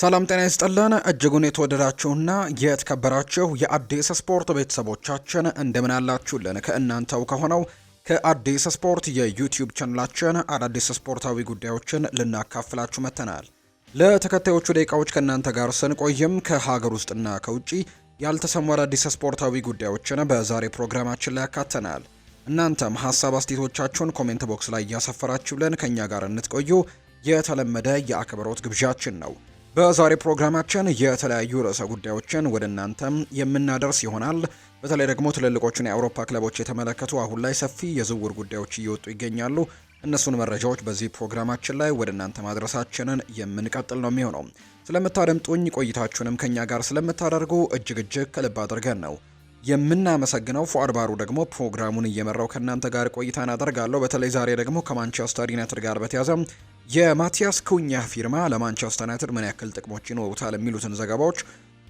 ሰላም ጤና ይስጥልን እጅጉን የተወደዳችሁና የተከበራችሁ የአዲስ ስፖርት ቤተሰቦቻችን እንደምን አላችሁልን? ከእናንተው ከሆነው ከአዲስ ስፖርት የዩቲዩብ ቻናላችን አዳዲስ ስፖርታዊ ጉዳዮችን ልናካፍላችሁ መጥተናል። ለተከታዮቹ ደቂቃዎች ከእናንተ ጋር ስንቆይም ከሀገር ውስጥና ከውጭ ያልተሰሙ አዳዲስ ስፖርታዊ ጉዳዮችን በዛሬ ፕሮግራማችን ላይ ያካተናል። እናንተም ሀሳብ አስቴቶቻችሁን ኮሜንት ቦክስ ላይ እያሰፈራችሁልን ከእኛ ጋር እንትቆዩ የተለመደ የአክብሮት ግብዣችን ነው። በዛሬ ፕሮግራማችን የተለያዩ ርዕሰ ጉዳዮችን ወደ እናንተም የምናደርስ ይሆናል። በተለይ ደግሞ ትልልቆቹን የአውሮፓ ክለቦች የተመለከቱ አሁን ላይ ሰፊ የዝውውር ጉዳዮች እየወጡ ይገኛሉ። እነሱን መረጃዎች በዚህ ፕሮግራማችን ላይ ወደ እናንተ ማድረሳችንን የምንቀጥል ነው የሚሆነው። ስለምታደምጡኝ ቆይታችሁንም ከኛ ጋር ስለምታደርጉ እጅግ እጅግ ከልብ አድርገን ነው የምናመሰግነው ፏድ ባሩ ደግሞ ፕሮግራሙን እየመራው ከእናንተ ጋር ቆይታን አደርጋለሁ። በተለይ ዛሬ ደግሞ ከማንቸስተር ዩናይትድ ጋር በተያዘ የማቲያስ ኩኛ ፊርማ ለማንቸስተር ዩናይትድ ምን ያክል ጥቅሞች ይኖሩታል የሚሉትን ዘገባዎች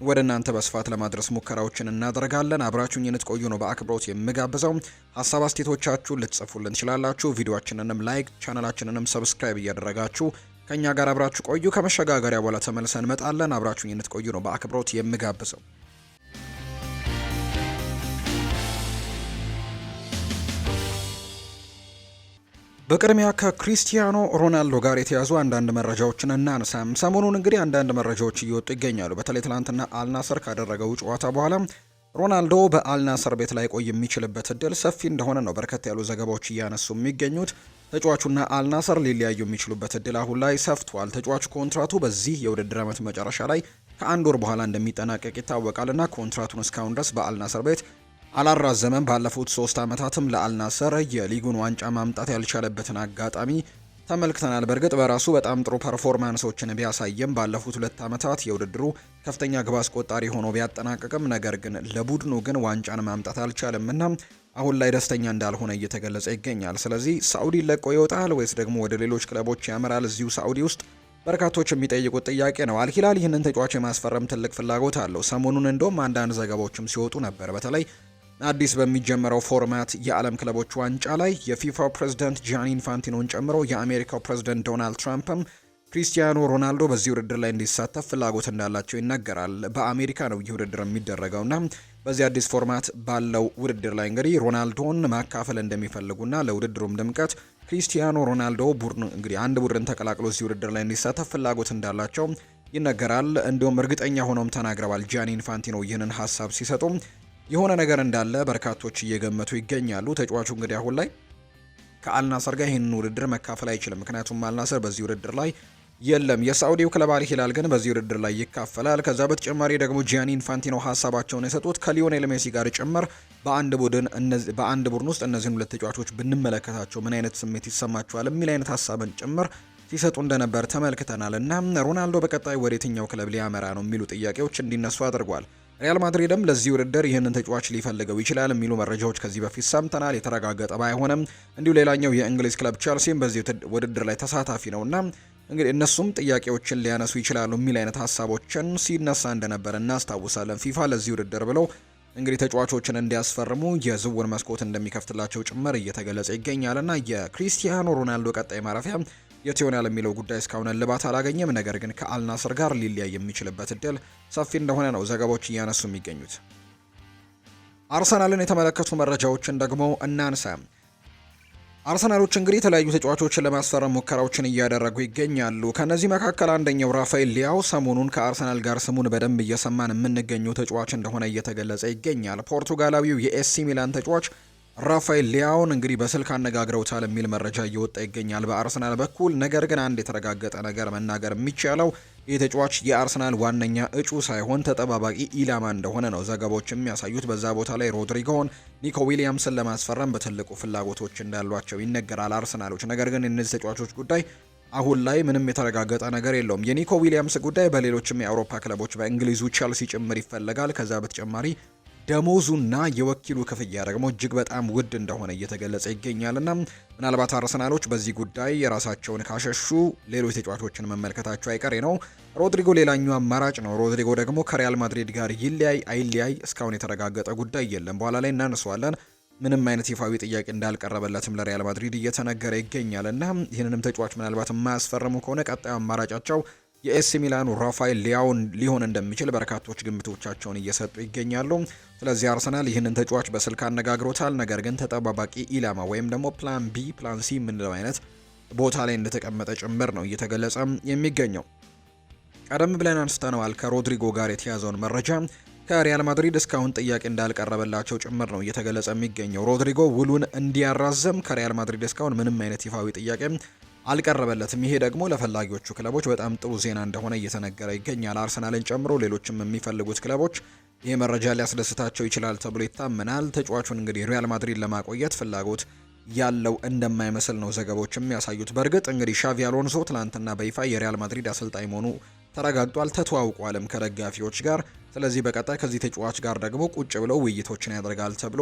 ወደ እናንተ በስፋት ለማድረስ ሙከራዎችን እናደርጋለን። አብራችሁኝ እንድትቆዩ ነው በአክብሮት የምጋብዘው። ሀሳብ አስቴቶቻችሁን ልትጽፉልን ትችላላችሁ። ቪዲዮችንንም ላይክ፣ ቻናላችንንም ሰብስክራይብ እያደረጋችሁ ከእኛ ጋር አብራችሁ ቆዩ። ከመሸጋገሪያ በኋላ ተመልሰን እንመጣለን። አብራችሁኝ እንድትቆዩ ነው በአክብሮት የምጋብዘው። በቅድሚያ ከክሪስቲያኖ ሮናልዶ ጋር የተያዙ አንዳንድ መረጃዎችን እናንሳ። ሰሞኑን እንግዲህ አንዳንድ መረጃዎች እየወጡ ይገኛሉ። በተለይ ትላንትና አልናሰር ካደረገው ጨዋታ በኋላ ሮናልዶ በአልናሰር ቤት ላይ ቆይ የሚችልበት እድል ሰፊ እንደሆነ ነው በርከት ያሉ ዘገባዎች እያነሱ የሚገኙት። ተጫዋቹና አልናሰር ሊለያዩ የሚችሉበት እድል አሁን ላይ ሰፍቷል። ተጫዋቹ ኮንትራቱ በዚህ የውድድር ዓመት መጨረሻ ላይ ከአንድ ወር በኋላ እንደሚጠናቀቅ ይታወቃልና ኮንትራቱን እስካሁን ድረስ በአልናሰር ቤት አላራዘመም። ባለፉት ሶስት ዓመታትም ለአልናሰር የሊጉን ዋንጫ ማምጣት ያልቻለበትን አጋጣሚ ተመልክተናል። በእርግጥ በራሱ በጣም ጥሩ ፐርፎርማንሶችን ቢያሳየም ባለፉት ሁለት ዓመታት የውድድሩ ከፍተኛ ግብ አስቆጣሪ ሆኖ ቢያጠናቅቅም ነገር ግን ለቡድኑ ግን ዋንጫን ማምጣት እና አሁን ላይ ደስተኛ እንዳልሆነ እየተገለጸ ይገኛል። ስለዚህ ሳዑዲ ለቆ ይወጣል ወይስ ደግሞ ወደ ሌሎች ክለቦች ያመራል? እዚሁ ሳዑዲ ውስጥ በርካቶች የሚጠይቁት ጥያቄ ነው። አልሂላል ይህንን ተጫዋች የማስፈረም ትልቅ ፍላጎት አለው። ሰሞኑን እንደውም አንዳንድ ዘገባዎችም ሲወጡ ነበር በተለይ አዲስ በሚጀመረው ፎርማት የዓለም ክለቦች ዋንጫ ላይ የፊፋው ፕሬዝደንት ጂያኒ ኢንፋንቲኖን ጨምሮ የአሜሪካው ፕሬዝዳንት ዶናልድ ትራምፕም ክሪስቲያኖ ሮናልዶ በዚህ ውድድር ላይ እንዲሳተፍ ፍላጎት እንዳላቸው ይነገራል። በአሜሪካ ነው ይህ ውድድር የሚደረገውና በዚህ አዲስ ፎርማት ባለው ውድድር ላይ እንግዲህ ሮናልዶን ማካፈል እንደሚፈልጉና ለውድድሩም ድምቀት ክሪስቲያኖ ሮናልዶ ቡድን እንግዲህ አንድ ቡድን ተቀላቅሎ እዚህ ውድድር ላይ እንዲሳተፍ ፍላጎት እንዳላቸው ይነገራል። እንዲሁም እርግጠኛ ሆኖም ተናግረዋል። ጂያኒ ኢንፋንቲኖ ይህንን ሀሳብ ሲሰጡ የሆነ ነገር እንዳለ በርካቶች እየገመቱ ይገኛሉ። ተጫዋቹ እንግዲህ አሁን ላይ ከአልናሰር ጋር ይህንን ውድድር መካፈል አይችልም። ምክንያቱም አልናሰር በዚህ ውድድር ላይ የለም። የሳዑዲው ክለብ አል ሂላል ግን በዚህ ውድድር ላይ ይካፈላል። ከዛ በተጨማሪ ደግሞ ጂያኒ ኢንፋንቲኖ ሀሳባቸውን የሰጡት ከሊዮኔል ሜሲ ጋር ጭምር በአንድ ቡድን በአንድ ቡድን ውስጥ እነዚህን ሁለት ተጫዋቾች ብንመለከታቸው ምን አይነት ስሜት ይሰማቸዋል የሚል አይነት ሀሳብን ጭምር ሲሰጡ እንደነበር ተመልክተናል እና ሮናልዶ በቀጣይ ወደ የትኛው ክለብ ሊያመራ ነው የሚሉ ጥያቄዎች እንዲነሱ አድርጓል። ሪያል ማድሪድም ለዚህ ውድድር ይህንን ተጫዋች ሊፈልገው ይችላል የሚሉ መረጃዎች ከዚህ በፊት ሰምተናል። የተረጋገጠ ባይሆንም እንዲሁ ሌላኛው የእንግሊዝ ክለብ ቸልሲም በዚህ ውድድር ላይ ተሳታፊ ነውና እንግዲህ እነሱም ጥያቄዎችን ሊያነሱ ይችላሉ የሚል አይነት ሀሳቦችን ሲነሳ እንደነበረ እናስታውሳለን። ፊፋ ለዚህ ውድድር ብለው እንግዲህ ተጫዋቾችን እንዲያስፈርሙ የዝውውር መስኮት እንደሚከፍትላቸው ጭምር እየተገለጸ ይገኛልና የክሪስቲያኖ ሮናልዶ ቀጣይ ማረፊያ የት ይሆናል የሚለው ጉዳይ እስካሁን እልባት አላገኘም። ነገር ግን ከአልናስር ጋር ሊለያይ የሚችልበት እድል ሰፊ እንደሆነ ነው ዘገባዎች እያነሱ የሚገኙት። አርሰናልን የተመለከቱ መረጃዎችን ደግሞ እናንሳ። አርሰናሎች እንግዲህ የተለያዩ ተጫዋቾችን ለማስፈረም ሙከራዎችን እያደረጉ ይገኛሉ። ከእነዚህ መካከል አንደኛው ራፋኤል ሊያው ሰሞኑን ከአርሰናል ጋር ስሙን በደንብ እየሰማን የምንገኘው ተጫዋች እንደሆነ እየተገለጸ ይገኛል። ፖርቱጋላዊው የኤሲ ሚላን ተጫዋች ራፋኤል ሊያውን እንግዲህ በስልክ አነጋግረውታል የሚል መረጃ እየወጣ ይገኛል በአርሰናል በኩል። ነገር ግን አንድ የተረጋገጠ ነገር መናገር የሚቻለው ይህ ተጫዋች የአርሰናል ዋነኛ እጩ ሳይሆን ተጠባባቂ ኢላማ እንደሆነ ነው ዘገባዎች የሚያሳዩት። በዛ ቦታ ላይ ሮድሪጎን፣ ኒኮ ዊሊያምስን ለማስፈረም በትልቁ ፍላጎቶች እንዳሏቸው ይነገራል አርሰናሎች። ነገር ግን የነዚህ ተጫዋቾች ጉዳይ አሁን ላይ ምንም የተረጋገጠ ነገር የለውም። የኒኮ ዊሊያምስ ጉዳይ በሌሎችም የአውሮፓ ክለቦች በእንግሊዙ ቸልሲ ጭምር ይፈለጋል። ከዛ በተጨማሪ ደሞዙና የወኪሉ ክፍያ ደግሞ እጅግ በጣም ውድ እንደሆነ እየተገለጸ ይገኛልና ምናልባት አርሰናሎች በዚህ ጉዳይ የራሳቸውን ካሸሹ ሌሎች ተጫዋቾችን መመልከታቸው አይቀሬ ነው። ሮድሪጎ ሌላኛው አማራጭ ነው። ሮድሪጎ ደግሞ ከሪያል ማድሪድ ጋር ይለያይ አይለያይ እስካሁን የተረጋገጠ ጉዳይ የለም። በኋላ ላይ እናንሰዋለን። ምንም አይነት ይፋዊ ጥያቄ እንዳልቀረበለትም ለሪያል ማድሪድ እየተነገረ ይገኛል እና ይህንንም ተጫዋች ምናልባት የማያስፈርሙ ከሆነ ቀጣዩ አማራጫቸው የኤሲ ሚላኑ ራፋኤል ሊያውን ሊሆን እንደሚችል በርካቶች ግምቶቻቸውን እየሰጡ ይገኛሉ። ስለዚህ አርሰናል ይህንን ተጫዋች በስልክ አነጋግሮታል። ነገር ግን ተጠባባቂ ኢላማ ወይም ደግሞ ፕላን ቢ ፕላን ሲ የምንለው አይነት ቦታ ላይ እንደተቀመጠ ጭምር ነው እየተገለጸ የሚገኘው። ቀደም ብለን አንስተነዋል። ከሮድሪጎ ጋር የተያዘውን መረጃ ከሪያል ማድሪድ እስካሁን ጥያቄ እንዳልቀረበላቸው ጭምር ነው እየተገለጸ የሚገኘው። ሮድሪጎ ውሉን እንዲያራዘም ከሪያል ማድሪድ እስካሁን ምንም አይነት ይፋዊ ጥያቄ አልቀረበለትም። ይሄ ደግሞ ለፈላጊዎቹ ክለቦች በጣም ጥሩ ዜና እንደሆነ እየተነገረ ይገኛል። አርሰናልን ጨምሮ ሌሎችም የሚፈልጉት ክለቦች ይህ መረጃ ሊያስደስታቸው ይችላል ተብሎ ይታመናል። ተጫዋቹን እንግዲህ ሪያል ማድሪድ ለማቆየት ፍላጎት ያለው እንደማይመስል ነው ዘገባዎች የሚያሳዩት። በእርግጥ እንግዲህ ሻቪ አሎንሶ ትናንትና በይፋ የሪያል ማድሪድ አሰልጣኝ መሆኑ ተረጋግጧል። ተተዋውቋልም ከደጋፊዎች ጋር። ስለዚህ በቀጣይ ከዚህ ተጫዋች ጋር ደግሞ ቁጭ ብለው ውይይቶችን ያደርጋል ተብሎ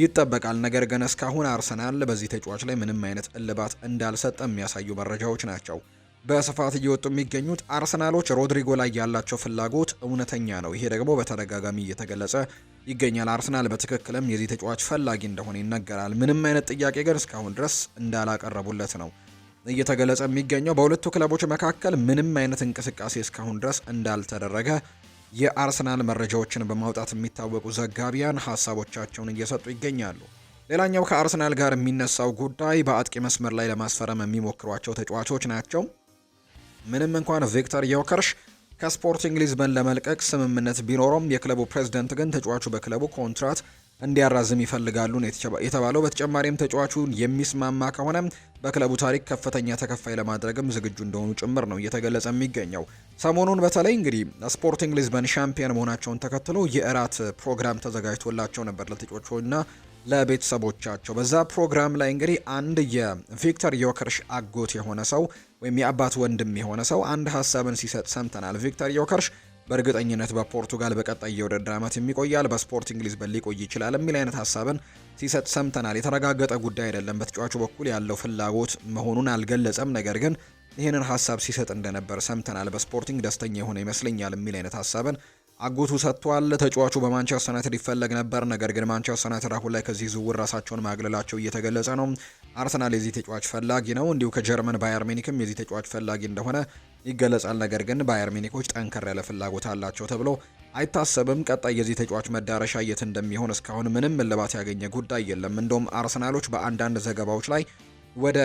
ይጠበቃል። ነገር ግን እስካሁን አርሰናል በዚህ ተጫዋች ላይ ምንም አይነት እልባት እንዳልሰጠ የሚያሳዩ መረጃዎች ናቸው በስፋት እየወጡ የሚገኙት አርሰናሎች ሮድሪጎ ላይ ያላቸው ፍላጎት እውነተኛ ነው። ይሄ ደግሞ በተደጋጋሚ እየተገለጸ ይገኛል። አርሰናል በትክክልም የዚህ ተጫዋች ፈላጊ እንደሆነ ይነገራል። ምንም አይነት ጥያቄ ግን እስካሁን ድረስ እንዳላቀረቡለት ነው እየተገለጸ የሚገኘው። በሁለቱ ክለቦች መካከል ምንም አይነት እንቅስቃሴ እስካሁን ድረስ እንዳልተደረገ የአርሰናል መረጃዎችን በማውጣት የሚታወቁ ዘጋቢያን ሀሳቦቻቸውን እየሰጡ ይገኛሉ። ሌላኛው ከአርሰናል ጋር የሚነሳው ጉዳይ በአጥቂ መስመር ላይ ለማስፈረም የሚሞክሯቸው ተጫዋቾች ናቸው። ምንም እንኳን ቪክተር ዮከርሽ ከስፖርቲንግ ሊዝበን ለመልቀቅ ስምምነት ቢኖረውም የክለቡ ፕሬዝደንት ግን ተጫዋቹ በክለቡ ኮንትራት እንዲያራዝም ይፈልጋሉ የተባለው። በተጨማሪም ተጫዋቹን የሚስማማ ከሆነ በክለቡ ታሪክ ከፍተኛ ተከፋይ ለማድረግም ዝግጁ እንደሆኑ ጭምር ነው እየተገለጸ የሚገኘው። ሰሞኑን በተለይ እንግዲህ ስፖርቲንግ ሊዝበን ሻምፒየን መሆናቸውን ተከትሎ የእራት ፕሮግራም ተዘጋጅቶላቸው ነበር ለተጫዋቹና ለቤተሰቦቻቸው። በዛ ፕሮግራም ላይ እንግዲህ አንድ የቪክተር ዮከርሽ አጎት የሆነ ሰው ወይም የአባት ወንድም የሆነ ሰው አንድ ሀሳብን ሲሰጥ ሰምተናል። ቪክተር ዮከርሽ በእርግጠኝነት በፖርቱጋል በቀጣይ የውድድር ዓመት የሚቆያል፣ በስፖርቲንግ ሊዝበን ሊቆይ ይችላል የሚል አይነት ሀሳብን ሲሰጥ ሰምተናል። የተረጋገጠ ጉዳይ አይደለም። በተጫዋቹ በኩል ያለው ፍላጎት መሆኑን አልገለጸም። ነገር ግን ይህንን ሀሳብ ሲሰጥ እንደነበር ሰምተናል። በስፖርቲንግ ደስተኛ የሆነ ይመስለኛል የሚል አይነት ሀሳብን አጎቱ ሰጥቷል። ተጫዋቹ በማንቸስተር ዩናይትድ ይፈለግ ነበር፣ ነገር ግን ማንቸስተር ዩናይትድ አሁን ላይ ከዚህ ዝውውር ራሳቸውን ማግለላቸው እየተገለጸ ነው። አርሰናል የዚህ ተጫዋች ፈላጊ ነው፣ እንዲሁ ከጀርመን ባየር ሚኒክም የዚህ ተጫዋች ፈላጊ እንደሆነ ይገለጻል። ነገር ግን ባየር ሚኒኮች ጠንከር ያለ ፍላጎት አላቸው ተብሎ አይታሰብም። ቀጣይ የዚህ ተጫዋች መዳረሻ የት እንደሚሆን እስካሁን ምንም እልባት ያገኘ ጉዳይ የለም። እንደውም አርሰናሎች በአንዳንድ ዘገባዎች ላይ ወደ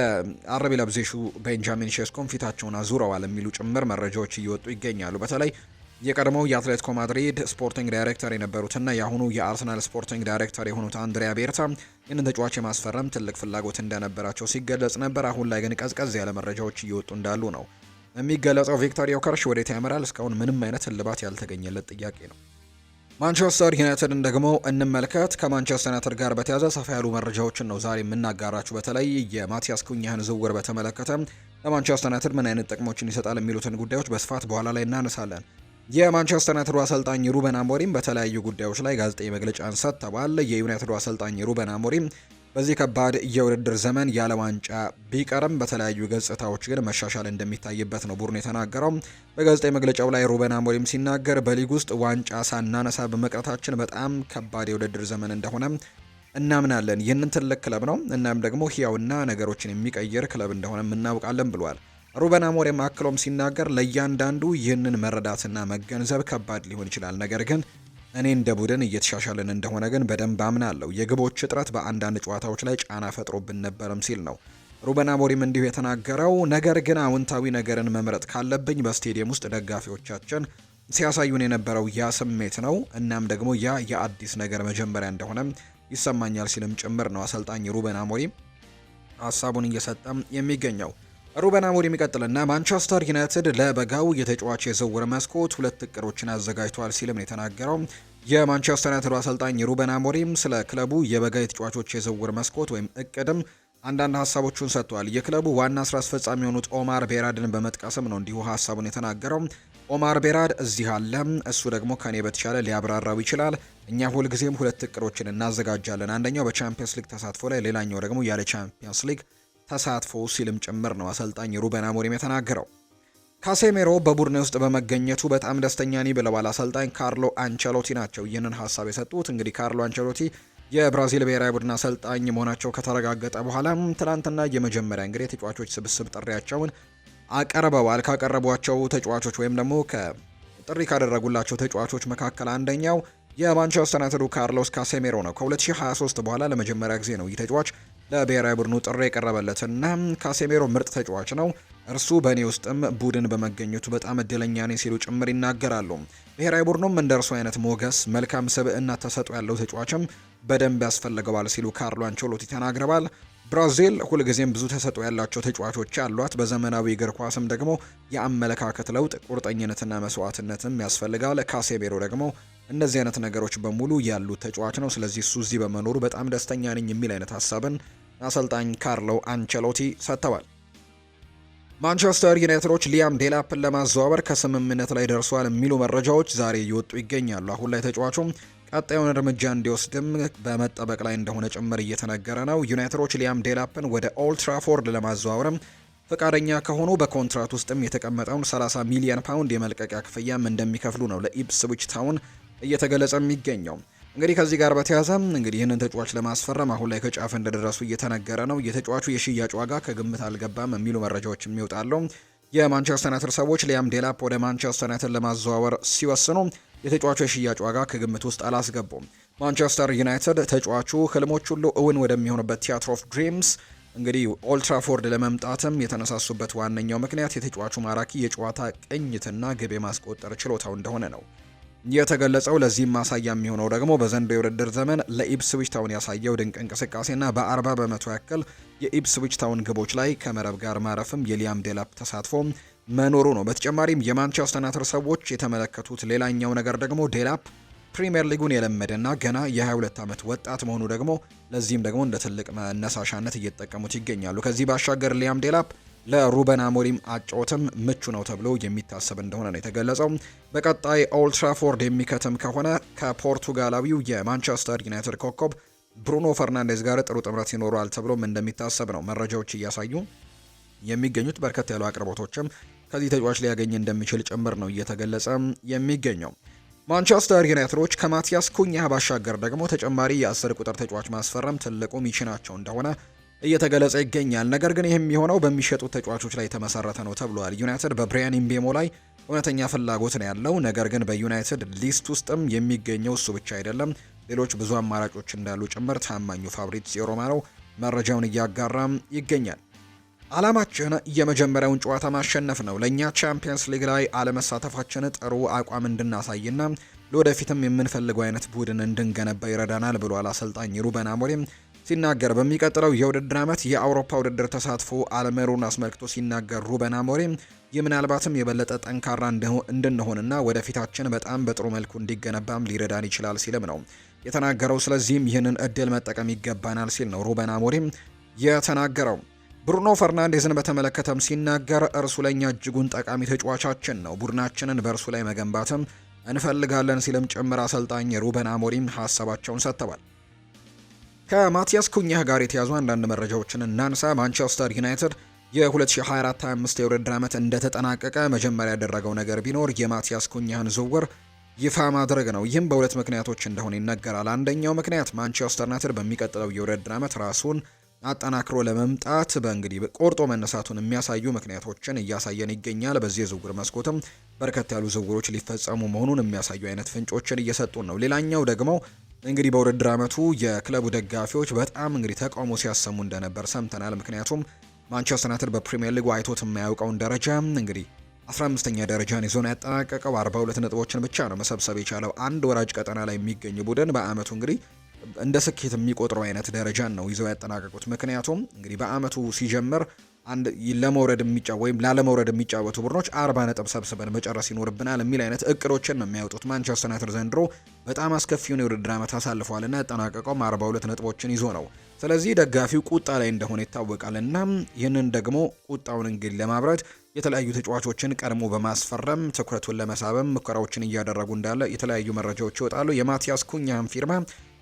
አረቢ ለብዜሹ ቤንጃሚን ሼስኮን ፊታቸውን አዙረዋል የሚሉ ጭምር መረጃዎች እየወጡ ይገኛሉ። በተለይ የቀድሞው የአትሌቲኮ ማድሪድ ስፖርቲንግ ዳይሬክተር የነበሩትና የአሁኑ የአርሰናል ስፖርቲንግ ዳይሬክተር የሆኑት አንድሪያ ቤርታ ይህንን ተጫዋች የማስፈረም ትልቅ ፍላጎት እንደነበራቸው ሲገለጽ ነበር። አሁን ላይ ግን ቀዝቀዝ ያለ መረጃዎች እየወጡ እንዳሉ ነው የሚገለጸው። ቪክተር ዮከርሽ ወዴት ያመራል? እስካሁን ምንም አይነት እልባት ያልተገኘለት ጥያቄ ነው። ማንቸስተር ዩናይትድን ደግሞ እንመልከት። ከማንቸስተር ዩናይትድ ጋር በተያዘ ሰፋ ያሉ መረጃዎችን ነው ዛሬ የምናጋራችሁ። በተለይ የማቲያስ ኩኛህን ዝውውር በተመለከተ ለማንቸስተር ዩናይትድ ምን አይነት ጥቅሞችን ይሰጣል የሚሉትን ጉዳዮች በስፋት በኋላ ላይ እናነሳለን። የማንቸስተር ዩናይትዱ አሰልጣኝ ሩበን አሞሪም በተለያዩ ጉዳዮች ላይ ጋዜጣዊ መግለጫን ሰጥተዋል። የዩናይትዱ አሰልጣኝ ሩበን አሞሪም በዚህ ከባድ የውድድር ዘመን ያለ ዋንጫ ቢቀርም በተለያዩ ገጽታዎች ግን መሻሻል እንደሚታይበት ነው ቡድኑ የተናገረው። በጋዜጣዊ መግለጫው ላይ ሩበን አሞሪም ሲናገር በሊግ ውስጥ ዋንጫ ሳናነሳ በመቅረታችን በጣም ከባድ የውድድር ዘመን እንደሆነ እናምናለን። ይህንን ትልቅ ክለብ ነው፣ እናም ደግሞ ህያውና ነገሮችን የሚቀይር ክለብ እንደሆነ እናውቃለን ብሏል። ሩበን አሞሪም አክሎም ሲናገር ለእያንዳንዱ ይህንን መረዳትና መገንዘብ ከባድ ሊሆን ይችላል፣ ነገር ግን እኔ እንደ ቡድን እየተሻሻልን እንደሆነ ግን በደንብ አምናለሁ። የግቦች እጥረት በአንዳንድ ጨዋታዎች ላይ ጫና ፈጥሮብን ነበርም ሲል ነው ሩበን አሞሪም እንዲሁ የተናገረው። ነገር ግን አዎንታዊ ነገርን መምረጥ ካለብኝ በስቴዲየም ውስጥ ደጋፊዎቻችን ሲያሳዩን የነበረው ያ ስሜት ነው። እናም ደግሞ ያ የአዲስ ነገር መጀመሪያ እንደሆነም ይሰማኛል ሲልም ጭምር ነው አሰልጣኝ ሩበን አሞሪም ሀሳቡን እየሰጠም የሚገኘው። ሩበን አሞሪም ይቀጥልና ማንቸስተር ዩናይትድ ለበጋው የተጫዋች የዝውውር መስኮት ሁለት እቅዶችን አዘጋጅተዋል ሲልም ነው የተናገረው። የማንቸስተር ዩናይትድ አሰልጣኝ ሩበን አሞሪም ስለ ክለቡ የበጋ የተጫዋቾች የዝውውር መስኮት ወይም እቅድም አንዳንድ ሀሳቦቹን ሰጥቷል። የክለቡ ዋና ስራ አስፈጻሚ የሆኑት ኦማር ቤራድን በመጥቀስም ነው እንዲሁ ሀሳቡን የተናገረው። ኦማር ቤራድ እዚህ አለ፣ እሱ ደግሞ ከኔ በተሻለ ሊያብራራው ይችላል። እኛ ሁልጊዜም ሁለት እቅዶችን እናዘጋጃለን። አንደኛው በቻምፒየንስ ሊግ ተሳትፎ ላይ፣ ሌላኛው ደግሞ ያለ ቻምፒየንስ ሊግ ተሳትፎ ሲልም ጭምር ነው አሰልጣኝ ሩበን አሞሪም የተናገረው። ካሴሜሮ በቡድን ውስጥ በመገኘቱ በጣም ደስተኛ ነኝ ብለዋል አሰልጣኝ ካርሎ አንቸሎቲ ናቸው ይህንን ሀሳብ የሰጡት። እንግዲህ ካርሎ አንቸሎቲ የብራዚል ብሔራዊ ቡድን አሰልጣኝ መሆናቸው ከተረጋገጠ በኋላም ትናንትና የመጀመሪያ እንግዲህ የተጫዋቾች ስብስብ ጥሪያቸውን አቀርበዋል። ካቀረቧቸው ተጫዋቾች ወይም ደግሞ ከጥሪ ካደረጉላቸው ተጫዋቾች መካከል አንደኛው የማንቸስተር ዩናይትዱ ካርሎስ ካሴሜሮ ነው። ከ2023 በኋላ ለመጀመሪያ ጊዜ ነው ይህ ተጫዋች ለብሔራዊ ቡድኑ ጥሪ የቀረበለትና ካሴሜሮ ምርጥ ተጫዋች ነው እርሱ በእኔ ውስጥም ቡድን በመገኘቱ በጣም እድለኛ ነኝ ሲሉ ጭምር ይናገራሉ። ብሔራዊ ቡድኑም እንደ እርሱ አይነት ሞገስ፣ መልካም ስብዕና ተሰጥኦ ያለው ተጫዋችም በደንብ ያስፈልገዋል ሲሉ ካርሎ አንቸሎቲ ተናግረዋል። ብራዚል ሁልጊዜም ብዙ ተሰጥኦ ያላቸው ተጫዋቾች አሏት። በዘመናዊ እግር ኳስም ደግሞ የአመለካከት ለውጥ ቁርጠኝነትና መስዋዕትነትም ያስፈልጋል። ካሴሜሮ ደግሞ እነዚህ አይነት ነገሮች በሙሉ ያሉት ተጫዋች ነው። ስለዚህ እሱ እዚህ በመኖሩ በጣም ደስተኛ ነኝ የሚል አይነት ሀሳብን አሰልጣኝ ካርሎ አንቸሎቲ ሰጥተዋል። ማንቸስተር ዩናይትዶች ሊያም ዴላፕን ለማዘዋወር ከስምምነት ላይ ደርሷል የሚሉ መረጃዎች ዛሬ እየወጡ ይገኛሉ። አሁን ላይ ተጫዋቹም ቀጣዩን እርምጃ እንዲወስድም በመጠበቅ ላይ እንደሆነ ጭምር እየተነገረ ነው። ዩናይትዶች ሊያም ዴላፕን ወደ ኦልትራፎርድ ለማዘዋወርም ፈቃደኛ ከሆኑ በኮንትራት ውስጥም የተቀመጠውን 30 ሚሊዮን ፓውንድ የመልቀቂያ ክፍያም እንደሚከፍሉ ነው ለኢፕስዊች ታውን እየተገለጸ የሚገኘው። እንግዲህ ከዚህ ጋር በተያያዘ እንግዲህ ይህንን ተጫዋች ለማስፈረም አሁን ላይ ከጫፍ እንደደረሱ እየተነገረ ነው። የተጫዋቹ የሽያጭ ዋጋ ከግምት አልገባም የሚሉ መረጃዎች የሚወጣሉ። የማንቸስተር ዩናይትድ ሰዎች ሊያም ዴላፕ ወደ ማንቸስተር ዩናይትድ ለማዘዋወር ሲወስኑ የተጫዋቹ የሽያጭ ዋጋ ከግምት ውስጥ አላስገቡም። ማንቸስተር ዩናይትድ ተጫዋቹ ህልሞች ሁሉ እውን ወደሚሆኑበት ቲያትር ኦፍ ድሪምስ እንግዲህ ኦልትራፎርድ ለመምጣትም የተነሳሱበት ዋነኛው ምክንያት የተጫዋቹ ማራኪ የጨዋታ ቅኝትና ግብ የማስቆጠር ችሎታው እንደሆነ ነው። የተገለጸው። ለዚህም ማሳያ የሚሆነው ደግሞ በዘንድሮው የውድድር ዘመን ለኢፕስዊች ታውን ያሳየው ድንቅ እንቅስቃሴና በ40 በመቶ ያክል የኢፕስዊች ታውን ግቦች ላይ ከመረብ ጋር ማረፍም የሊያም ዴላፕ ተሳትፎ መኖሩ ነው። በተጨማሪም የማንቸስተር ዩናይትድ ሰዎች የተመለከቱት ሌላኛው ነገር ደግሞ ዴላፕ ፕሪምየር ሊጉን የለመደና ገና የ22 ዓመት ወጣት መሆኑ ደግሞ ለዚህም ደግሞ እንደ ትልቅ መነሳሻነት እየተጠቀሙት ይገኛሉ። ከዚህ ባሻገር ሊያም ዴላፕ ለሩበን አሞሪም አጫወትም ምቹ ነው ተብሎ የሚታሰብ እንደሆነ ነው የተገለጸው። በቀጣይ ኦልትራፎርድ የሚከትም ከሆነ ከፖርቱጋላዊው የማንቸስተር ዩናይትድ ኮከብ ብሩኖ ፈርናንዴዝ ጋር ጥሩ ጥምረት ይኖረዋል ተብሎም እንደሚታሰብ ነው መረጃዎች እያሳዩ የሚገኙት። በርከት ያሉ አቅርቦቶችም ከዚህ ተጫዋች ሊያገኝ እንደሚችል ጭምር ነው እየተገለጸ የሚገኘው። ማንቸስተር ዩናይትዶች ከማቲያስ ኩኛ ባሻገር ደግሞ ተጨማሪ የአስር ቁጥር ተጫዋች ማስፈረም ትልቁ ሚሽናቸው እንደሆነ እየተገለጸ ይገኛል። ነገር ግን ይህም የሆነው በሚሸጡት ተጫዋቾች ላይ የተመሰረተ ነው ተብሏል። ዩናይትድ በብሪያን ኢምቤሞ ላይ እውነተኛ ፍላጎት ነው ያለው። ነገር ግን በዩናይትድ ሊስት ውስጥም የሚገኘው እሱ ብቻ አይደለም፣ ሌሎች ብዙ አማራጮች እንዳሉ ጭምር ታማኙ ፋብሪዚዮ ሮማኖ መረጃውን እያጋራም ይገኛል። አላማችን የመጀመሪያውን ጨዋታ ማሸነፍ ነው። ለእኛ ቻምፒየንስ ሊግ ላይ አለመሳተፋችን ጥሩ አቋም እንድናሳይና ለወደፊትም የምንፈልገው አይነት ቡድን እንድንገነባ ይረዳናል ብሏል አሰልጣኝ ሩበን አሞሪም ሲናገር በሚቀጥለው የውድድር ዓመት የአውሮፓ ውድድር ተሳትፎ አለመሩን አስመልክቶ ሲናገር ሩበን አሞሪም ይህ ምናልባትም የበለጠ ጠንካራ እንድንሆንና ወደፊታችን በጣም በጥሩ መልኩ እንዲገነባም ሊረዳን ይችላል ሲልም ነው የተናገረው። ስለዚህም ይህንን እድል መጠቀም ይገባናል ሲል ነው ሩበን አሞሪም የተናገረው። ብሩኖ ፈርናንዴዝን በተመለከተም ሲናገር እርሱ ለእኛ እጅጉን ጠቃሚ ተጫዋቻችን ነው፣ ቡድናችንን በእርሱ ላይ መገንባትም እንፈልጋለን ሲልም ጭምር አሰልጣኝ ሩበን አሞሪም ሀሳባቸውን ሰጥተዋል። ከማቲያስ ኩኛህ ጋር የተያዙ አንዳንድ መረጃዎችን እናንሳ። ማንቸስተር ዩናይትድ የ2024/25 የውድድር ዓመት እንደተጠናቀቀ መጀመሪያ ያደረገው ነገር ቢኖር የማቲያስ ኩኛህን ዝውውር ይፋ ማድረግ ነው። ይህም በሁለት ምክንያቶች እንደሆነ ይነገራል። አንደኛው ምክንያት ማንቸስተር ዩናይትድ በሚቀጥለው የውድድር ዓመት ራሱን አጠናክሮ ለመምጣት በእንግዲህ ቆርጦ መነሳቱን የሚያሳዩ ምክንያቶችን እያሳየን ይገኛል። በዚህ የዝውውር መስኮትም በርከት ያሉ ዝውውሮች ሊፈጸሙ መሆኑን የሚያሳዩ አይነት ፍንጮችን እየሰጡን ነው። ሌላኛው ደግሞ እንግዲህ በውድድር አመቱ የክለቡ ደጋፊዎች በጣም እንግዲህ ተቃውሞ ሲያሰሙ እንደነበር ሰምተናል። ምክንያቱም ማንቸስተር ዩናይትድ በፕሪምየር ሊግ አይቶት የማያውቀውን ደረጃ እንግዲህ 15ኛ ደረጃን ይዞ ነው ያጠናቀቀው። 42 ነጥቦችን ብቻ ነው መሰብሰብ የቻለው። አንድ ወራጅ ቀጠና ላይ የሚገኝ ቡድን በአመቱ እንግዲህ እንደ ስኬት የሚቆጥረው አይነት ደረጃን ነው ይዘው ያጠናቀቁት። ምክንያቱም እንግዲህ በአመቱ ሲጀምር አንድ ለመውረድ የሚጫ ወይም ላለመውረድ የሚጫወቱ ቡድኖች አርባ ነጥብ ሰብስበን መጨረስ ይኖርብናል የሚል አይነት እቅዶችን ነው የሚያወጡት። ማንቸስተር ዩናይትድ ዘንድሮ በጣም አስከፊውን የውድድር ዓመት ና ያጠናቀቀውም አርባ ሁለት ነጥቦችን ይዞ ነው። ስለዚህ ደጋፊው ቁጣ ላይ እንደሆነ ይታወቃል። እናም ይህንን ደግሞ ቁጣውን እንግዲህ ለማብረት የተለያዩ ተጫዋቾችን ቀድሞ በማስፈረም ትኩረቱን ለመሳበም ሙከራዎችን እያደረጉ እንዳለ የተለያዩ መረጃዎች ይወጣሉ። የማቲያስ ኩኛህን ፊርማ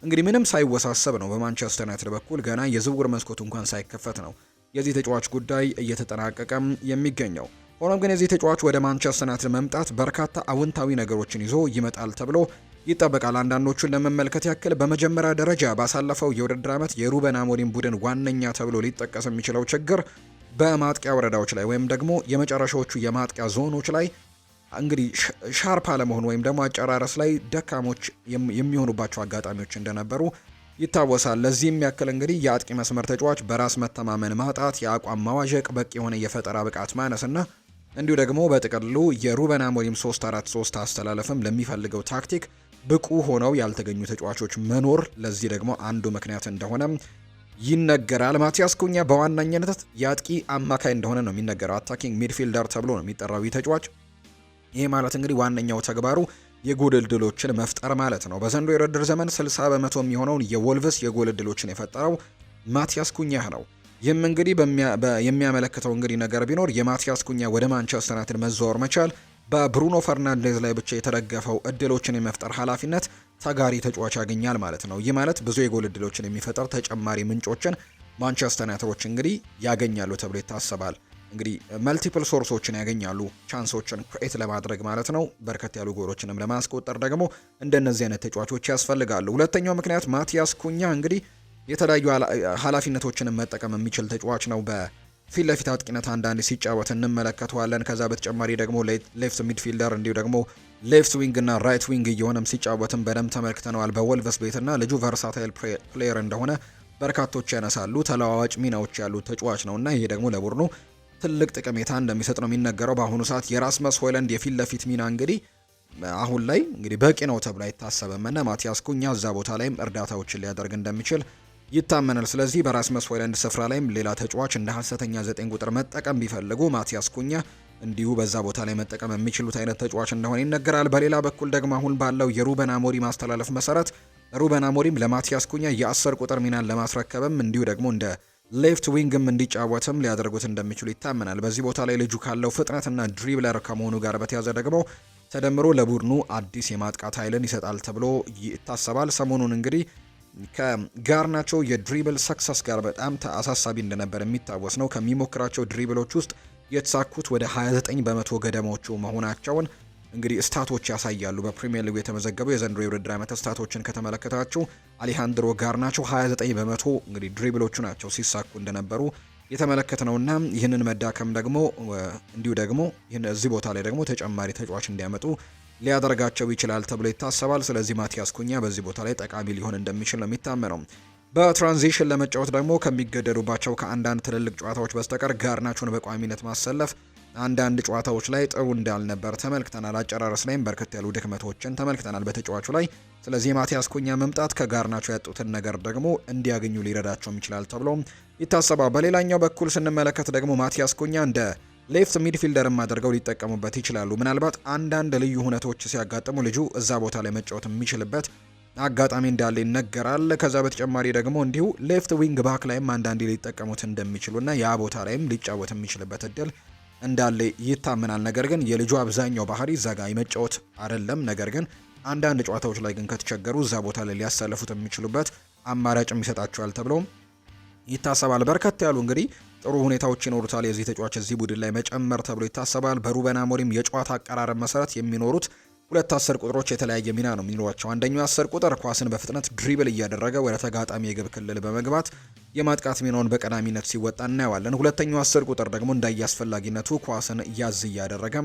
እንግዲህ ምንም ሳይወሳሰብ ነው በማንቸስተር ዩናይትድ በኩል ገና የዝውውር መስኮቱ እንኳን ሳይከፈት ነው የዚህ ተጫዋች ጉዳይ እየተጠናቀቀም የሚገኘው። ሆኖም ግን የዚህ ተጫዋች ወደ ማንቸስተር ዩናይትድ መምጣት በርካታ አውንታዊ ነገሮችን ይዞ ይመጣል ተብሎ ይጠበቃል። አንዳንዶቹን ለመመልከት ያክል በመጀመሪያ ደረጃ ባሳለፈው የውድድር ዓመት የሩበን አሞሪም ቡድን ዋነኛ ተብሎ ሊጠቀስ የሚችለው ችግር በማጥቂያ ወረዳዎች ላይ ወይም ደግሞ የመጨረሻዎቹ የማጥቂያ ዞኖች ላይ እንግዲህ ሻርፕ አለመሆን ወይም ደግሞ አጨራረስ ላይ ደካሞች የሚሆኑባቸው አጋጣሚዎች እንደነበሩ ይታወሳል። ለዚህም ያክል እንግዲህ የአጥቂ መስመር ተጫዋች በራስ መተማመን ማጣት፣ የአቋም ማዋዠቅ፣ በቂ የሆነ የፈጠራ ብቃት ማነስና እንዲሁ ደግሞ በጥቅሉ የሩበን አሞሪም 343 አስተላለፍም ለሚፈልገው ታክቲክ ብቁ ሆነው ያልተገኙ ተጫዋቾች መኖር ለዚህ ደግሞ አንዱ ምክንያት እንደሆነ ይነገራል። ማቲያስ ኩኛ በዋናኝነት የአጥቂ አማካይ እንደሆነ ነው የሚነገረው። አታኪንግ ሚድፊልደር ተብሎ ነው የሚጠራው ተጫዋች። ይህ ማለት እንግዲህ ዋነኛው ተግባሩ የጎል እድሎችን መፍጠር ማለት ነው። በዘንድሮው የውድድር ዘመን 60 በመቶ የሚሆነውን የወልቭስ የጎል እድሎችን የፈጠረው ማቲያስ ኩኛህ ነው። ይህም እንግዲህ የሚያመለክተው እንግዲህ ነገር ቢኖር የማቲያስ ኩኛ ወደ ማንቸስተር ዩናይትድ መዛወር መቻል በብሩኖ ፈርናንዴዝ ላይ ብቻ የተደገፈው እድሎችን የመፍጠር ኃላፊነት ተጋሪ ተጫዋች ያገኛል ማለት ነው። ይህ ማለት ብዙ የጎል እድሎችን የሚፈጠር ተጨማሪ ምንጮችን ማንቸስተር ዩናይትዶች እንግዲህ ያገኛሉ ተብሎ ይታሰባል። እንግዲህ መልቲፕል ሶርሶችን ያገኛሉ ቻንሶችን ክሬት ለማድረግ ማለት ነው። በርከት ያሉ ጎሎችንም ለማስቆጠር ደግሞ እንደነዚህ አይነት ተጫዋቾች ያስፈልጋሉ። ሁለተኛው ምክንያት ማቲያስ ኩኛ እንግዲህ የተለያዩ ኃላፊነቶችንም መጠቀም የሚችል ተጫዋች ነው። በፊት ለፊት አጥቂነት አንዳንድ ሲጫወት እንመለከተዋለን። ከዛ በተጨማሪ ደግሞ ሌፍት ሚድፊልደር እንዲሁ ደግሞ ሌፍት ዊንግ እና ራይት ዊንግ እየሆነም ሲጫወትም በደንብ ተመልክተነዋል በወልቨስ ቤትና ልጁ ቨርሳታይል ፕሌየር እንደሆነ በርካቶች ያነሳሉ። ተለዋዋጭ ሚናዎች ያሉት ተጫዋች ነው እና ይሄ ደግሞ ለቡድኑ ትልቅ ጥቅሜታ እንደሚሰጥ ነው የሚነገረው። በአሁኑ ሰዓት የራስመስ ሆይለንድ የፊት ለፊት ሚና እንግዲህ አሁን ላይ እንግዲህ በቂ ነው ተብሎ አይታሰብም እና ማቲያስ ኩኛ እዛ ቦታ ላይም እርዳታዎችን ሊያደርግ እንደሚችል ይታመናል። ስለዚህ በራስመስ ሆይለንድ ስፍራ ላይም ሌላ ተጫዋች እንደ ሀሰተኛ ዘጠኝ ቁጥር መጠቀም ቢፈልጉ ማቲያስ ኩኛ እንዲሁ በዛ ቦታ ላይ መጠቀም የሚችሉት አይነት ተጫዋች እንደሆነ ይነገራል። በሌላ በኩል ደግሞ አሁን ባለው የሩበን አሞሪም ማስተላለፍ መሰረት ሩበን አሞሪም ለማቲያስ ኩኛ የአስር ቁጥር ሚናን ለማስረከብም እንዲሁ ደግሞ እንደ ሌፍት ዊንግም እንዲጫወትም ሊያደርጉት እንደሚችሉ ይታመናል። በዚህ ቦታ ላይ ልጁ ካለው ፍጥነትና ድሪብለር ከመሆኑ ጋር በተያዘ ደግሞ ተደምሮ ለቡድኑ አዲስ የማጥቃት ኃይልን ይሰጣል ተብሎ ይታሰባል። ሰሞኑን እንግዲህ ከጋርናቾ የድሪብል ሰክሰስ ጋር በጣም አሳሳቢ እንደነበር የሚታወስ ነው። ከሚሞክራቸው ድሪብሎች ውስጥ የተሳኩት ወደ 29 በመቶ ገደሞቹ መሆናቸውን እንግዲህ ስታቶች ያሳያሉ። በፕሪሚየር ሊግ የተመዘገቡ የዘንድሮ የውድድር ዓመት ስታቶችን ከተመለከታችሁ አሌሃንድሮ ጋርናቾ 29 በመቶ እንግዲህ ድሪብሎቹ ናቸው ሲሳኩ እንደነበሩ የተመለከት እና ይህንን መዳከም ደግሞ እንዲሁ ደግሞ ይህን እዚህ ቦታ ላይ ደግሞ ተጨማሪ ተጫዋች እንዲያመጡ ሊያደርጋቸው ይችላል ተብሎ ይታሰባል። ስለዚህ ማቲያስ ኩኛ በዚህ ቦታ ላይ ጠቃሚ ሊሆን እንደሚችል ነው የሚታመነው። በትራንዚሽን ለመጫወት ደግሞ ከሚገደዱባቸው ከአንዳንድ ትልልቅ ጨዋታዎች በስተቀር ጋርናቾን በቋሚነት ማሰለፍ አንዳንድ ጨዋታዎች ላይ ጥሩ እንዳልነበር ተመልክተናል። አጨራረስ ላይም በርከት ያሉ ድክመቶችን ተመልክተናል በተጫዋቹ ላይ። ስለዚህ የማቲያስ ኩኛ መምጣት ናቸው ያጡትን ነገር ደግሞ እንዲያገኙ ሊረዳቸውም ይችላል ተብሎ ይታሰባል። በሌላኛው በኩል ስንመለከት ደግሞ ማቲያስ ኩኛ እንደ ሌፍት ሚድፊልደርም አድርገው ሊጠቀሙበት ይችላሉ። ምናልባት አንዳንድ ልዩ ሁነቶች ሲያጋጥሙ ልጁ እዛ ቦታ ላይ መጫወት የሚችልበት አጋጣሚ እንዳለ ይነገራል። ከዛ በተጨማሪ ደግሞ እንዲሁ ሌፍት ዊንግ ባክ ላይም አንዳንዴ ሊጠቀሙት እንደሚችሉና ያ ቦታ ላይም ሊጫወት የሚችልበት እድል እንዳለ ይታመናል። ነገር ግን የልጁ አብዛኛው ባህሪ እዛ ጋ የመጫወት አይደለም። ነገር ግን አንዳንድ ጨዋታዎች ላይ ግን ከተቸገሩ እዛ ቦታ ላይ ሊያሳለፉት የሚችሉበት አማራጭም ይሰጣቸዋል ተብሎ ይታሰባል። በርከት ያሉ እንግዲህ ጥሩ ሁኔታዎች ይኖሩታል የዚህ ተጫዋች እዚህ ቡድን ላይ መጨመር ተብሎ ይታሰባል። በሩበን አሞሪም የጨዋታ አቀራረብ መሰረት የሚኖሩት ሁለት አስር ቁጥሮች የተለያየ ሚና ነው የሚኖሯቸው። አንደኛው አስር ቁጥር ኳስን በፍጥነት ድሪብል እያደረገ ወደ ተጋጣሚ የግብ ክልል በመግባት የማጥቃት ሚናውን በቀዳሚነት ሲወጣ እናየዋለን። ሁለተኛው አስር ቁጥር ደግሞ እንዳያስፈላጊነቱ ኳስን ያዝ እያደረገ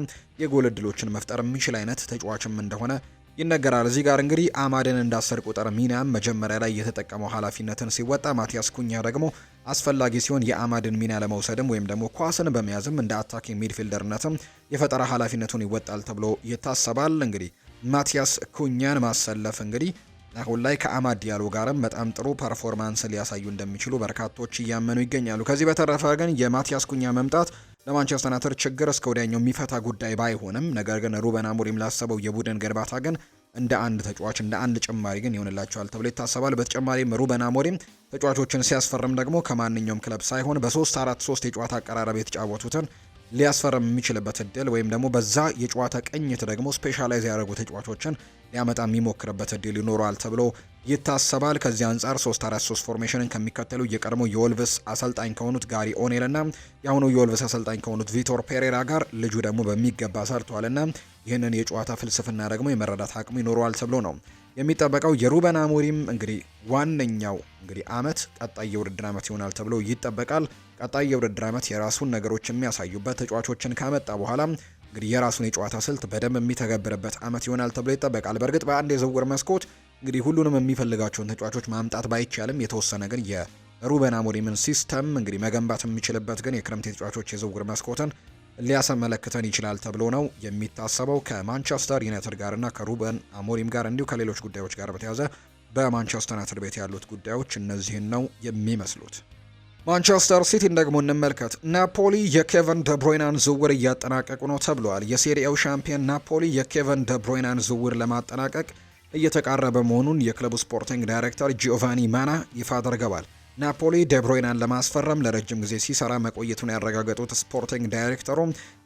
የጎል እድሎችን መፍጠር የሚችል አይነት ተጫዋችም እንደሆነ ይነገራል። እዚህ ጋር እንግዲህ አማድን እንደ አስር ቁጥር ሚናም መጀመሪያ ላይ የተጠቀመው ኃላፊነትን ሲወጣ ማቲያስ ኩኛ ደግሞ አስፈላጊ ሲሆን የአማድን ሚና ለመውሰድም ወይም ደግሞ ኳስን በመያዝም እንደ አታኪ ሚድፊልደርነትም የፈጠራ ኃላፊነቱን ይወጣል ተብሎ ይታሰባል። እንግዲህ ማቲያስ ኩኛን ማሰለፍ እንግዲህ አሁን ላይ ከአማድ ዲያሎ ጋርም በጣም ጥሩ ፐርፎርማንስ ሊያሳዩ እንደሚችሉ በርካቶች እያመኑ ይገኛሉ። ከዚህ በተረፈ ግን የማቲያስ ኩኛ መምጣት ለማንቸስተር ዩናይትድ ችግር እስከ ወዲያኛው የሚፈታ ጉዳይ ባይሆንም፣ ነገር ግን ሩበን አሞሪም ላሰበው የቡድን ግንባታ ግን እንደ አንድ ተጫዋች እንደ አንድ ጭማሪ ግን ይሆንላቸዋል ተብሎ ይታሰባል። በተጨማሪም ሩበን አሞሪም ተጫዋቾችን ሲያስፈርም ደግሞ ከማንኛውም ክለብ ሳይሆን በ343 የጨዋታ አቀራረብ የተጫወቱትን ሊያስፈርም የሚችልበት እድል ወይም ደግሞ በዛ የጨዋታ ቅኝት ደግሞ ስፔሻላይዝ ያደረጉ ተጫዋቾችን ሊያመጣ የሚሞክርበት እድል ይኖረዋል ተብሎ ይታሰባል። ከዚህ አንጻር 343 ፎርሜሽንን ከሚከተሉ የቀድሞ የወልቭስ አሰልጣኝ ከሆኑት ጋሪ ኦኔል እና የአሁኑ የወልቭስ አሰልጣኝ ከሆኑት ቪቶር ፔሬራ ጋር ልጁ ደግሞ በሚገባ ሰርተዋልና ይህንን የጨዋታ ፍልስፍና ደግሞ የመረዳት አቅሙ ይኖረዋል ተብሎ ነው የሚጠበቀው። የሩበን አሞሪም እንግዲህ ዋነኛው እንግዲህ አመት ቀጣይ የውድድር አመት ይሆናል ተብሎ ይጠበቃል። ቀጣይ የውድድር ዓመት የራሱን ነገሮች የሚያሳዩበት ተጫዋቾችን ካመጣ በኋላ እንግዲህ የራሱን የጨዋታ ስልት በደንብ የሚተገብርበት ዓመት ይሆናል ተብሎ ይጠበቃል። በእርግጥ በአንድ የዝውውር መስኮት እንግዲህ ሁሉንም የሚፈልጋቸውን ተጫዋቾች ማምጣት ባይቻልም የተወሰነ ግን የሩበን አሞሪምን ሲስተም እንግዲህ መገንባት የሚችልበት ግን የክረምት የተጫዋቾች የዝውውር መስኮትን ሊያስመለክተን ይችላል ተብሎ ነው የሚታሰበው። ከማንቸስተር ዩናይትድ ጋርና ከሩበን አሞሪም ጋር እንዲሁ ከሌሎች ጉዳዮች ጋር በተያያዘ በማንቸስተር ዩናይትድ ቤት ያሉት ጉዳዮች እነዚህን ነው የሚመስሉት። ማንቸስተር ሲቲን ደግሞ እንመልከት። ናፖሊ የኬቨን ደብሮይናን ዝውውር እያጠናቀቁ ነው ተብሏል። የሴሪያው ሻምፒየን ናፖሊ የኬቨን ደብሮይናን ዝውውር ለማጠናቀቅ እየተቃረበ መሆኑን የክለቡ ስፖርቲንግ ዳይሬክተር ጂኦቫኒ ማና ይፋ አድርገዋል። ናፖሊ ደብሮይናን ለማስፈረም ለረጅም ጊዜ ሲሰራ መቆየቱን ያረጋገጡት ስፖርቲንግ ዳይሬክተሩ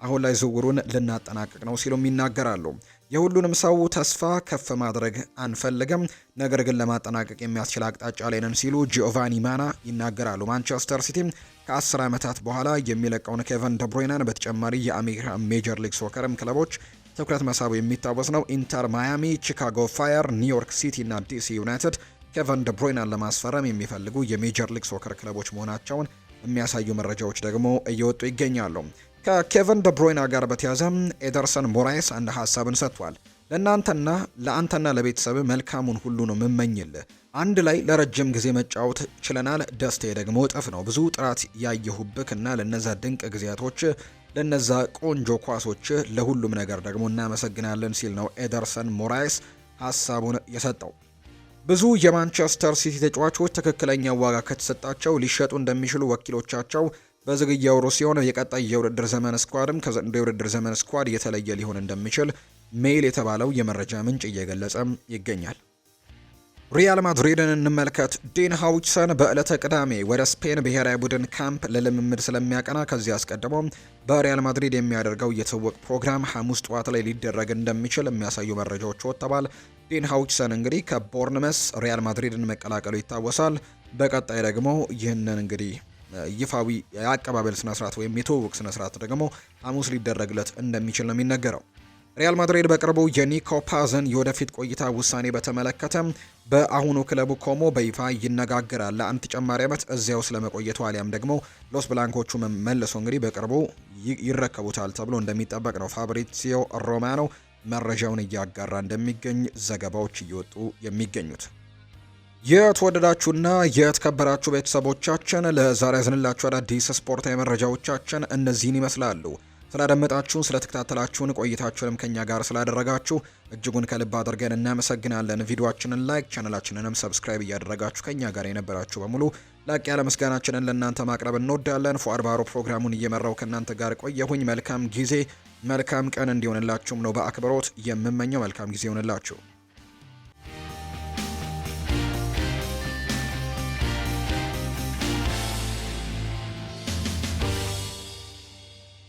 አሁን ላይ ዝውውሩን ልናጠናቅቅ ነው ሲሉም ይናገራሉ። የሁሉንም ሰው ተስፋ ከፍ ማድረግ አንፈልግም፣ ነገር ግን ለማጠናቀቅ የሚያስችል አቅጣጫ ላይ ነን ሲሉ ጂኦቫኒ ማና ይናገራሉ። ማንቸስተር ሲቲም ከአስር ዓመታት በኋላ የሚለቀውን ኬቨን ደብሮይናን በተጨማሪ የአሜሪካ ሜጀር ሊግ ሶከርም ክለቦች ትኩረት መሳቡ የሚታወስ ነው። ኢንተር ማያሚ፣ ቺካጎ ፋየር፣ ኒውዮርክ ሲቲ እና ዲሲ ዩናይትድ ኬቨን ደብሮይናን ለማስፈረም የሚፈልጉ የሜጀር ሊግ ሶከር ክለቦች መሆናቸውን የሚያሳዩ መረጃዎች ደግሞ እየወጡ ይገኛሉ። ከኬቨን ደብሮይና ጋር በተያዘ ኤደርሰን ሞራይስ አንድ ሀሳብን ሰጥቷል። ለእናንተና ለአንተና ለቤተሰብ መልካሙን ሁሉ ነው የምመኝልህ። አንድ ላይ ለረጅም ጊዜ መጫወት ችለናል። ደስታዬ ደግሞ እጥፍ ነው። ብዙ ጥራት ያየሁብክ እና ለነዛ ድንቅ ጊዜያቶች፣ ለነዛ ቆንጆ ኳሶች፣ ለሁሉም ነገር ደግሞ እናመሰግናለን ሲል ነው ኤደርሰን ሞራይስ ሀሳቡን የሰጠው። ብዙ የማንቸስተር ሲቲ ተጫዋቾች ትክክለኛ ዋጋ ከተሰጣቸው ሊሸጡ እንደሚችሉ ወኪሎቻቸው በዝግያው ወሩ ሲሆን የቀጣይ የውድድር ዘመን ስኳድም ከዘንድሮ የውድድር ዘመን ስኳድ የተለየ ሊሆን እንደሚችል ሜይል የተባለው የመረጃ ምንጭ እየገለጸም ይገኛል። ሪያል ማድሪድን እንመልከት። ዴን ሃውችሰን በዕለተ ቅዳሜ ወደ ስፔን ብሔራዊ ቡድን ካምፕ ለልምምድ ስለሚያቀና ከዚህ አስቀድሞ በሪያል ማድሪድ የሚያደርገው የትውውቅ ፕሮግራም ሐሙስ ጠዋት ላይ ሊደረግ እንደሚችል የሚያሳዩ መረጃዎች ወጥተዋል። ዴን ሃውችሰን እንግዲህ ከቦርንመስ ሪያል ማድሪድን መቀላቀሉ ይታወሳል። በቀጣይ ደግሞ ይህንን እንግዲህ ይፋዊ የአቀባበል ስነስርዓት ወይም የተዋወቅ ስነስርዓት ደግሞ ሐሙስ ሊደረግለት እንደሚችል ነው የሚነገረው። ሪያል ማድሪድ በቅርቡ የኒኮ ፓዝን የወደፊት ቆይታ ውሳኔ በተመለከተ በአሁኑ ክለቡ ኮሞ በይፋ ይነጋገራል። ለአንድ ተጨማሪ ዓመት እዚያው ስለመቆየቱ አሊያም ደግሞ ሎስ ብላንኮቹ መልሶ እንግዲህ በቅርቡ ይረከቡታል ተብሎ እንደሚጠበቅ ነው ፋብሪሲዮ ሮማኖ መረጃውን እያጋራ እንደሚገኝ ዘገባዎች እየወጡ የሚገኙት። የተወደዳችሁና የተከበራችሁ ቤተሰቦቻችን ለዛሬ ያዝንላችሁ አዳዲስ ስፖርታዊ መረጃዎቻችን እነዚህን ይመስላሉ። ስላደመጣችሁን፣ ስለተከታተላችሁን ቆይታችሁንም ከኛ ጋር ስላደረጋችሁ እጅጉን ከልብ አድርገን እናመሰግናለን። ቪዲዮችንን ላይክ፣ ቻነላችንንም ሰብስክራይብ እያደረጋችሁ ከኛ ጋር የነበራችሁ በሙሉ ላቅ ያለ ምስጋናችንን ለእናንተ ማቅረብ እንወዳለን። ፉአድ ባሮ ፕሮግራሙን እየመራው ከእናንተ ጋር ቆየሁኝ። መልካም ጊዜ መልካም ቀን እንዲሆንላችሁም ነው በአክብሮት የምመኘው። መልካም ጊዜ ይሆንላችሁ።